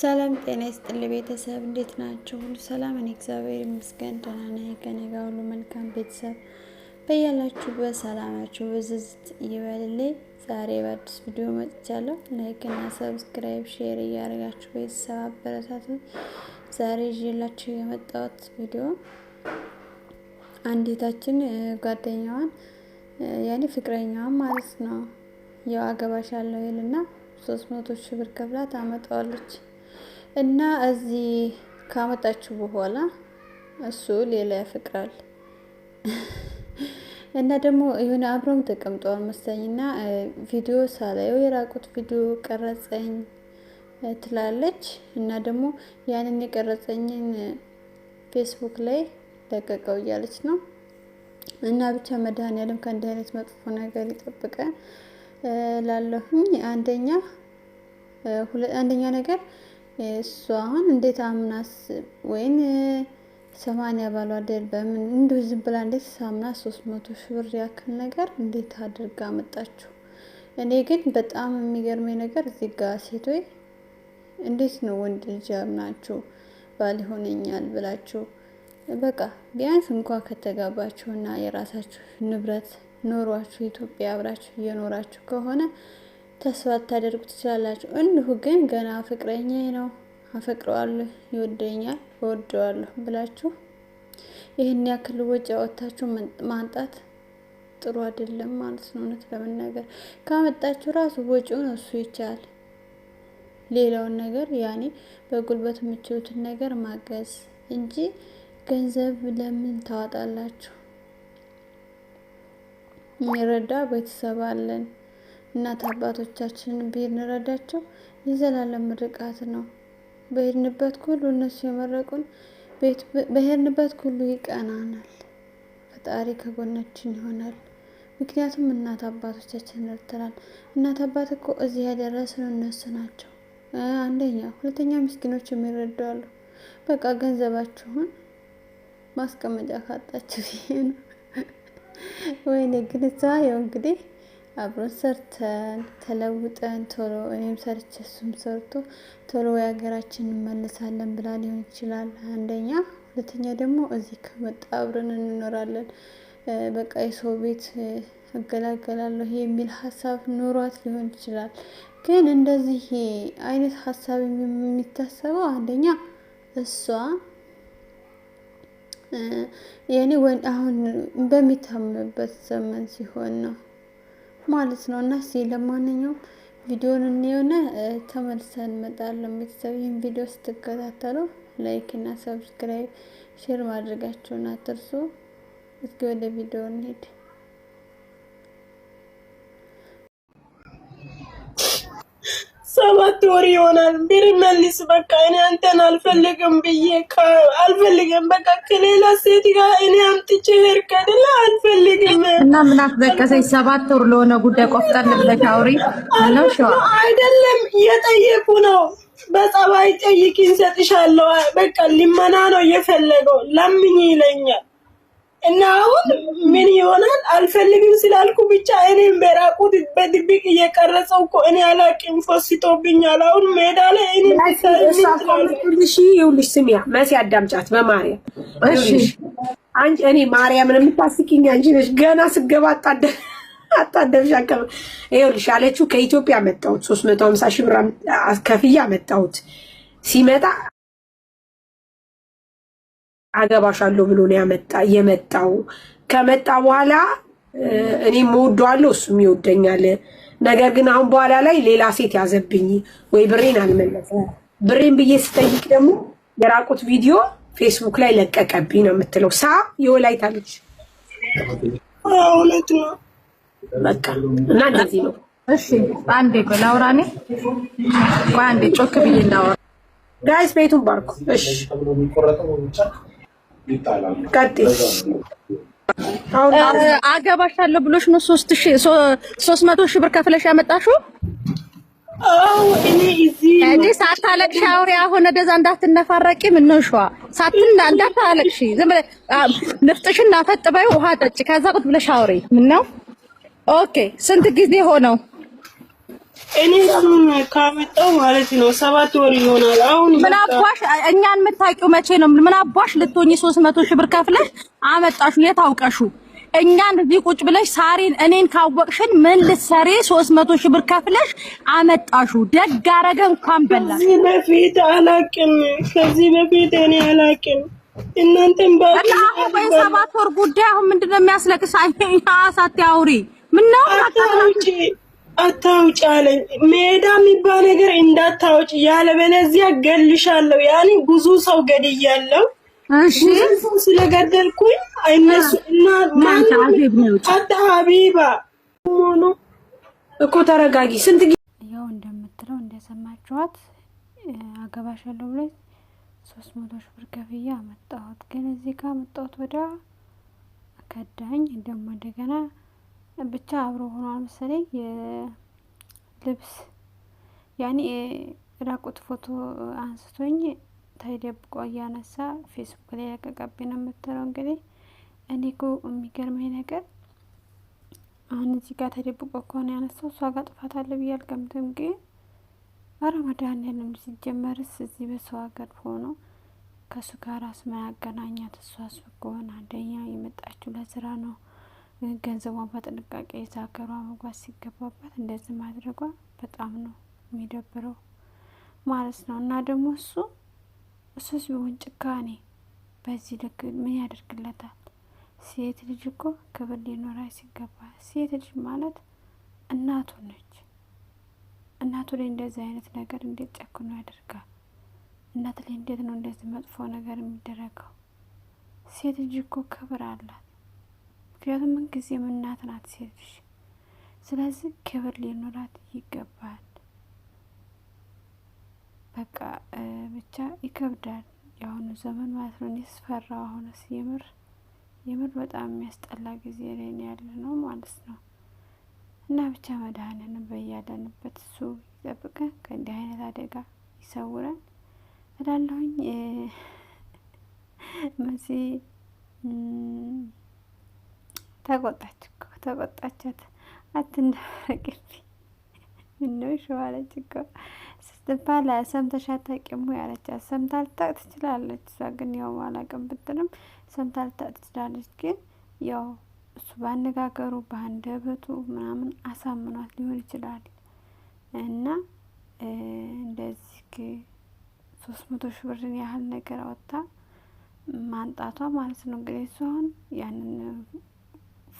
ሰላም ጤና ይስጥል ቤተሰብ እንዴት ናቸው? ሁሉ ሰላም? እኔ እግዚአብሔር ይመስገን ደህና ነኝ። ከእኔ ጋር ሁሉ መልካም። ቤተሰብ በያላችሁ በሰላማችሁ ብዝዝት ይበልልኝ። ዛሬ በአዲስ ቪዲዮ መጥቻለሁ። ላይክና ሰብስክራይብ፣ ሼር እያደረጋችሁ ቤተሰብ አበረታት። ዛሬ ይዤላችሁ የመጣሁት ቪዲዮ አንዲታችን ጓደኛዋን ያኔ ፍቅረኛዋን ማለት ነው ያው አገባሻለሁ ይልና ሶስት መቶ ሺህ ብር ከፍላት እና እዚህ ካመጣችሁ በኋላ እሱ ሌላ ያፈቅራል እና ደግሞ የሆነ አብረውም ተቀምጠዋል መሰለኝና ቪዲዮ ሳላየው የራቁት ቪዲዮ ቀረጸኝ ትላለች እና ደግሞ ያንን የቀረጸኝን ፌስቡክ ላይ ለቀቀው እያለች ነው። እና ብቻ መድኃኒዓለም ከእንዲህ አይነት መጥፎ ነገር ይጠብቀን ላለሁኝ አንደኛ አንደኛ ነገር እሱ አሁን እንዴት አምናስ ወይን ሰማንያ ባሏ አይደል በምን እንደው ዝም ብላ እንዴት ሳምና ሶስት መቶ ሺህ ብር ያክል ነገር እንዴት አድርጋ መጣችሁ? እኔ ግን በጣም የሚገርመኝ ነገር እዚህ ጋ ሴቶይ እንዴት ነው ወንድ ልጅ አምናችሁ ባል ይሆነኛል ብላችሁ በቃ ቢያንስ እንኳ ከተጋባችሁና የራሳችሁ ንብረት ኖሯችሁ ኢትዮጵያ አብራችሁ እየኖራችሁ ከሆነ ተስፋ ልታደርጉ ትችላላችሁ። እንዲሁ ግን ገና ፍቅረኛ ነው አፈቅረዋለሁ፣ ይወደኛል፣ እወደዋለሁ ብላችሁ ይህን ያክል ወጪ አወጥታችሁ ማንጣት ጥሩ አይደለም ማለት ነው። እውነት ለመናገር ካመጣችሁ ራሱ ወጪውን እሱ ይቻል ሌላውን ነገር ያኔ በጉልበት የምችሉትን ነገር ማገዝ እንጂ ገንዘብ ለምን ታዋጣላችሁ? የሚረዳ ቤተሰብ አለን። እናት አባቶቻችንን ብንረዳቸው የዘላለም ምርቃት ነው። በሄድንበት ሁሉ እነሱ የመረቁን በሄድንበት ሁሉ ይቀናናል። ፈጣሪ ከጎናችን ይሆናል። ምክንያቱም እናት አባቶቻችን ረድተናል። እናት አባት እኮ እዚህ ያደረስነው እነሱ ናቸው። አንደኛ፣ ሁለተኛ ምስኪኖች የሚረዳሉ። በቃ ገንዘባችሁን ማስቀመጫ ካጣችሁ ይሄ ነው። ወይኔ ግን እዛ ያው እንግዲህ አብረን ሰርተን ተለውጠን ቶሎ እኔም ሰርቼ እሱም ሰርቶ ቶሎ የሀገራችን እንመለሳለን ብላ ሊሆን ይችላል። አንደኛ፣ ሁለተኛ ደግሞ እዚህ ከመጣ አብረን እንኖራለን በቃ የሰው ቤት እገላገላለሁ የሚል ሀሳብ ኑሯት ሊሆን ይችላል። ግን እንደዚህ አይነት ሀሳብ የሚታሰበው አንደኛ እሷ የኔ አሁን በሚታምንበት ዘመን ሲሆን ነው። ማለት ነው። እና እስኪ ለማንኛውም ቪዲዮን እንየሆነ ተመልሰን እንመጣለን። ቤተሰብ ይህን ቪዲዮ ስትከታተሉ ላይክ እና ሰብስክራይብ ሼር ማድረጋችሁን አትርሱ። እስኪ ወደ ቪዲዮ እንሄድ። ሰባት ወር ይሆናል። ብር መልስ። በቃ እኔ አንተን አልፈልግም ብዬ አልፈልግም። በቃ ከሌላ ሴት ጋር እኔ አምጥቼ ሄድክ አልፈልግም እና ምን አትበቀሰኝ። ሰባት ወር ለሆነ ጉዳይ ቆፍጠን ብለሽ አውሪ አይደለም እየጠየቁ ነው። በጸባይ ጠይቂኝ፣ ሰጥሻለሁ። በቃ ሊመና ነው እየፈለገው ለምኝ ይለኛል እና አሁን ምን ይሆናል? አልፈልግም ስላልኩ ብቻ እኔም በራቁት በድብቅ እየቀረጸው እኮ እኔ አላቅም፣ ፎስቶብኛል። አሁን ሜዳ ላይ እኔ ይኸውልሽ፣ ስሚያ መሲ አዳምጫት፣ በማርያም አንቺ እኔ ማርያምን የምታስቂኝ አንቺ ነሽ። ገና ስገባ አጣደ አጣደፍሽ ከ ይኸውልሽ አለችው። ከኢትዮጵያ መጣሁት ሶስት መቶ ሀምሳ ሺህ ብር ከፍያ መጣሁት ሲመጣ አገባሻለሁ ብሎ ነው ያመጣ የመጣው። ከመጣ በኋላ እኔ ምወደዋለሁ እሱም ይወደኛል። ነገር ግን አሁን በኋላ ላይ ሌላ ሴት ያዘብኝ ወይ ብሬን አልመለሰ ብሬን ብዬ ስጠይቅ ደግሞ የራቁት ቪዲዮ ፌስቡክ ላይ ለቀቀብኝ ነው የምትለው። ሳ የወላይታ ልጅ በቃ እና እንደዚህ ነው። እሺ አንዴ ቆይ ላውራ እኔ ቆይ አንዴ ጮክ ብዬ እናወራ። ጋይስ ቤቱን ባርኩ። እሺ ይጣላል። ቀጥይ አገባሻለሁ ብሎሽ ነው ሶስት መቶ ብር ከፍለሽ ያመጣሽው? ሳታለቅሽ አውሪ። አሁን እንደዛ እንዳትነፋረቂ። ሳትና እንዳታለቅሽ ዝም ውሃ ጠጭ፣ ከዛ ቁጭ ብለሽ አውሪ። ምነው ኦኬ። ስንት ጊዜ ሆነው? እኔ እሱን ካመጣው ማለት ነው ሰባት ወር ይሆናል። አሁን ምን አባሽ እኛን የምታውቂው መቼ ነው? ምን አባሽ ልትሆኚ ሶስት መቶ ሺህ ብር ከፍለሽ አመጣሹ እኛን እዚህ ቁጭ ብለሽ ሳሪን እኔን ካወቅሽን ምን ልትሰሪ? ሺህ ብር ከፍለሽ አመጣሹ። ደግ አረገ እንኳን በላ። ከዚህ በፊት ከዚህ በፊት እኔ አላቅም። እናንተም ባላ ሰባት ወር ጉዳይ አሁን ምንድነው ምን ነው አታውቂ አታውጭ አለኝ። ሜዳ የሚባል ነገር እንዳታውጭ ያለበለዚያ ገልሻለሁ። ያኔ ብዙ ሰው ገድያለሁ። ሰው ስለገደልኩኝ አይነሱ እና ማታ ሀቢባ ሆኖ እኮ ተረጋጊ። ስንት ያው እንደምትለው እንደሰማችኋት አገባሻለሁ ብሎ ሶስት መቶ ሺህ ብር ከፍዬ አመጣሁት። ግን እዚህ ካመጣሁት ወዲያ ከዳኝ ደግሞ እንደገና ብቻ አብሮ ሆኗል መሰለኝ ልብስ ያኔ ራቁት ፎቶ አንስቶኝ ተደብቆ እያነሳ ፌስቡክ ላይ ያቀቀብኝ ነው የምትለው። እንግዲህ እኔ ኮ የሚገርመኝ ነገር አሁን እዚህ ጋር ተደብቆ ከሆነ ያነሳው እሷ ጋር ጥፋት አለ ብዬ አልገምትም። ግን አረመዳን ያለም ሲጀመርስ እዚህ በሰው ሀገር ሆኖ ከእሱ ጋር ራስ እሷ እሱ ከሆነ አንደኛ የመጣችው ለስራ ነው። ገንዘቧን በጥንቃቄ ይዛ ሀገሯ መጓዝ ሲገባባት እንደዚህ ማድረጓ በጣም ነው የሚደብረው ማለት ነው። እና ደግሞ እሱ እሱ ሲሆን ጭካኔ በዚህ ልክ ምን ያደርግለታል? ሴት ልጅ እኮ ክብር ሊኖራ ሲገባ ሴት ልጅ ማለት እናቱ ነች። እናቱ ላይ እንደዚህ አይነት ነገር እንዴት ጨክኖ ያደርጋል? እናት ላይ እንዴት ነው እንደዚህ መጥፎ ነገር የሚደረገው? ሴት ልጅ እኮ ክብር አላት። ምክንያቱም ምን ጊዜ እናት ናት ሴት ስለዚህ ክብር ሊኖራት ይገባል። በቃ ብቻ ይከብዳል የአሁኑ ዘመን ማለት ነው። እኔ ስፈራው አሁንስ የምር የምር በጣም የሚያስጠላ ጊዜ ላይ ያለ ነው ማለት ነው። እና ብቻ መድኃኒዓለም በያለንበት እሱ ይጠብቀን፣ ከእንዲህ አይነት አደጋ ይሰውረን እላለሁኝ መሲ ተቆጣች እኮ ተቆጣቻት። አትንደረቅብ ምነው ሸዋ አለች እኮ ስትባል ሰምተሽ አታውቂም ወይ አለቻት። ሰምታ ልታቅ ትችላለች። እሷ ግን ያው አላውቅም ብትልም ሰምታ ልታቅ ትችላለች። ግን ያው እሱ ባነጋገሩ በአንደበቱ ምናምን አሳምኗት ሊሆን ይችላል እና እንደዚህ ሶስት መቶ ሺ ብርን ያህል ነገር አወጣ ማንጣቷ ማለት ነው። እንግዲህ ሲሆን ያንን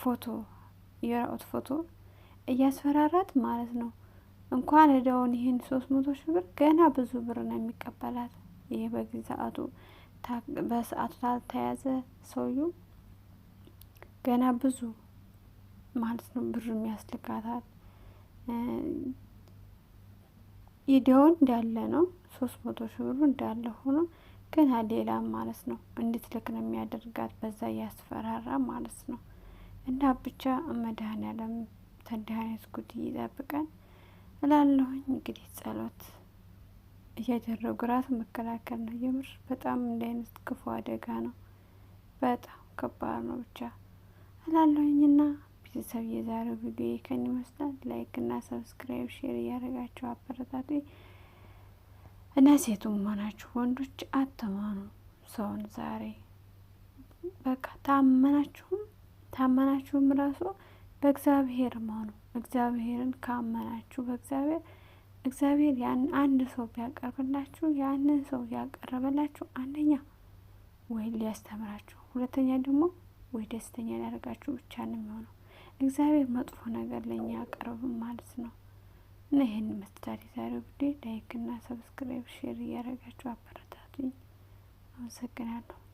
ፎቶ የራቁት ፎቶ እያስፈራራት ማለት ነው። እንኳን እዳውን ይህን ሶስት መቶ ሺ ብር ገና ብዙ ብር ነው የሚቀበላት። ይሄ በጊዜ ሰአቱ በሰአቱ ታልተያዘ ሰውዩ ገና ብዙ ማለት ነው ብር የሚያስልካታል። ኢዲያውን እንዳለ ነው ሶስት መቶ ሺ ብሩ እንዳለ ሆኖ ገና ሌላ ማለት ነው እንድትልክ ነው የሚያደርጋት። በዛ እያስፈራራ ማለት ነው። እና ብቻ መድኃኔዓለም ያለም አይነት ጉድ ይጠብቀን እላለሁኝ። እንግዲህ ጸሎት እያደረጉ ራስ መከላከል ነው። የምር በጣም እንደ አይነት ክፉ አደጋ ነው። በጣም ከባድ ነው ብቻ እላለሁኝ። እና ቤተሰብ የዛሬው ቪዲዮ ይከን ይመስላል። ላይክ እና ሰብስክራይብ፣ ሼር እያደረጋቸው አበረታቱ እና ሴቱም ሆናችሁ ወንዶች አተማኑ ሰውን ዛሬ በቃ ታመናችሁም ታመናችሁም ራሱ በእግዚአብሔር መሆኑ እግዚአብሔርን ካመናችሁ በእግዚአብሔር እግዚአብሔር ያን አንድ ሰው ቢያቀርብላችሁ ያንን ሰው ያቀረበላችሁ አንደኛ ወይ ሊያስተምራችሁ፣ ሁለተኛ ደግሞ ወይ ደስተኛ ሊያደርጋችሁ ብቻ ነው የሚሆነው። እግዚአብሔር መጥፎ ነገር ለእኛ አቀርብም ማለት ነው እና ይህን መስታሪ ዛሬው ጊዜ ላይክና ሰብስክራይብ ሼር እያደረጋችሁ አበረታቱኝ። አመሰግናለሁ።